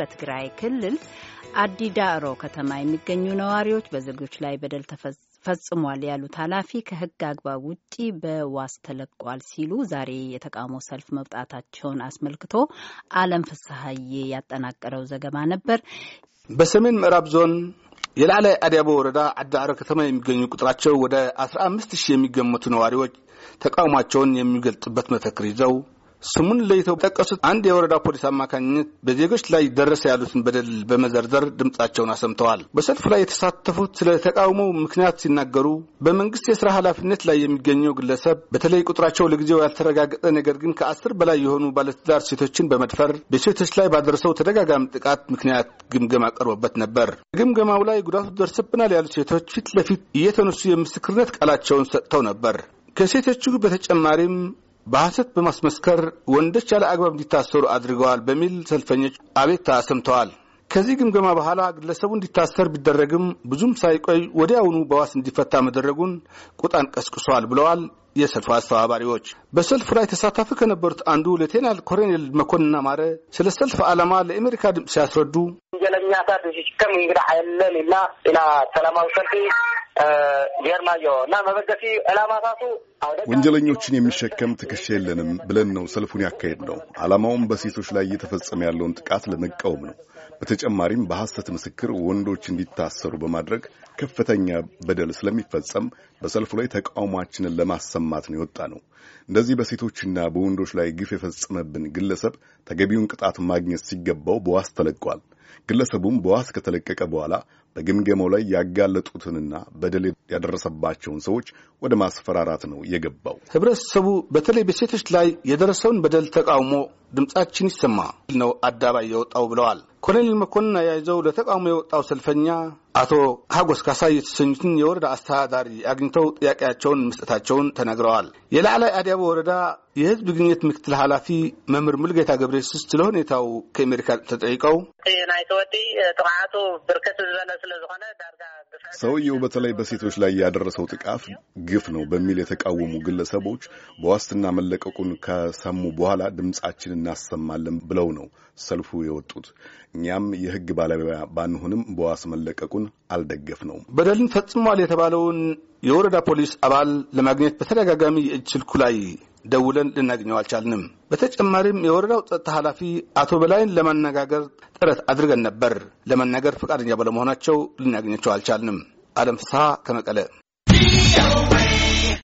በትግራይ ክልል አዲዳሮ ከተማ የሚገኙ ነዋሪዎች በዜጎች ላይ በደል ፈጽሟል ያሉት ኃላፊ ከሕግ አግባብ ውጪ በዋስ ተለቋል ሲሉ ዛሬ የተቃውሞ ሰልፍ መውጣታቸውን አስመልክቶ አለም ፍስሀዬ ያጠናቀረው ዘገባ ነበር። በሰሜን ምዕራብ ዞን የላዕላይ አዲያቦ ወረዳ አዳሮ ከተማ የሚገኙ ቁጥራቸው ወደ 15 ሺህ የሚገመቱ ነዋሪዎች ተቃውሟቸውን የሚገልጥበት መፈክር ይዘው ስሙን ለይተው ጠቀሱት አንድ የወረዳ ፖሊስ አማካኝነት በዜጎች ላይ ደረሰ ያሉትን በደል በመዘርዘር ድምጻቸውን አሰምተዋል። በሰልፍ ላይ የተሳተፉት ስለ ተቃውሞው ምክንያት ሲናገሩ በመንግስት የስራ ኃላፊነት ላይ የሚገኘው ግለሰብ በተለይ ቁጥራቸው ለጊዜው ያልተረጋገጠ ነገር ግን ከአስር በላይ የሆኑ ባለትዳር ሴቶችን በመድፈር በሴቶች ላይ ባደረሰው ተደጋጋሚ ጥቃት ምክንያት ግምገማ ቀርቦበት ነበር። ግምገማው ላይ ጉዳቱ ደርሰብናል ያሉት ሴቶች ፊት ለፊት እየተነሱ የምስክርነት ቃላቸውን ሰጥተው ነበር። ከሴቶቹ በተጨማሪም በሐሰት በማስመስከር ወንዶች ያለ አግባብ እንዲታሰሩ አድርገዋል በሚል ሰልፈኞች አቤት አሰምተዋል። ከዚህ ግምገማ በኋላ ግለሰቡ እንዲታሰር ቢደረግም ብዙም ሳይቆይ ወዲያውኑ በዋስ እንዲፈታ መደረጉን ቁጣን ቀስቅሷል ብለዋል የሰልፉ አስተባባሪዎች። በሰልፉ ላይ ተሳታፊ ከነበሩት አንዱ ሌተናል ኮሎኔል መኮንን አማረ ስለ ሰልፍ ዓላማ ለአሜሪካ ድምፅ ሲያስረዱ ወንጀለኛታት ሽሽከም እንግዳ የለን እና ና ሰላማዊ ሰልፍ ጀርማዮ እና መበገፊ ዕላማታቱ ወንጀለኞችን የሚሸከም ትከሻ የለንም ብለን ነው ሰልፉን ያካሄድ ነው። ዓላማውም በሴቶች ላይ እየተፈጸመ ያለውን ጥቃት ለመቃወም ነው። በተጨማሪም በሐሰት ምስክር ወንዶች እንዲታሰሩ በማድረግ ከፍተኛ በደል ስለሚፈጸም በሰልፉ ላይ ተቃውሟችንን ለማሰማት ነው የወጣ ነው። እንደዚህ በሴቶችና በወንዶች ላይ ግፍ የፈጸመብን ግለሰብ ተገቢውን ቅጣት ማግኘት ሲገባው በዋስ ተለቋል። ግለሰቡም በዋስ ከተለቀቀ በኋላ በግምገማው ላይ ያጋለጡትንና በደል ያደረሰባቸውን ሰዎች ወደ ማስፈራራት ነው የገባው። ህብረተሰቡ በተለይ በሴቶች ላይ የደረሰውን በደል ተቃውሞ ድምጻችን ይሰማ ነው አደባባይ የወጣው ብለዋል። ኮሎኔል መኮንን አያይዘው ለተቃውሞ የወጣው ሰልፈኛ አቶ ሀጎስ ካሳ የተሰኙትን የወረዳ አስተዳዳሪ አግኝተው ጥያቄያቸውን መስጠታቸውን ተናግረዋል። የላዕላይ አዲያቦ ወረዳ የህዝብ ግንኙነት ምክትል ኃላፊ መምህር ሙልጌታ ገብረየሱስ ስለ ሁኔታው ከአሜሪካ ተጠይቀው ሰውየው በተለይ በሴቶች ላይ ያደረሰው ጥቃት ግፍ ነው በሚል የተቃወሙ ግለሰቦች በዋስትና መለቀቁን ከሰሙ በኋላ ድምጻችንን እናሰማለን ብለው ነው ሰልፉ የወጡት። እኛም የህግ ባለሙያ ባንሆንም በዋስ መለቀቁን አልደገፍ ነው። በደልን ፈጽሟል የተባለውን የወረዳ ፖሊስ አባል ለማግኘት በተደጋጋሚ የእጅ ስልኩ ላይ ደውለን ልናገኘው አልቻልንም። በተጨማሪም የወረዳው ጸጥታ ኃላፊ አቶ በላይን ለማነጋገር ጥረት አድርገን ነበር። ለመናገር ፈቃደኛ ባለመሆናቸው ልናገኛቸው አልቻልንም። አለም ፍስሐ ከመቀለ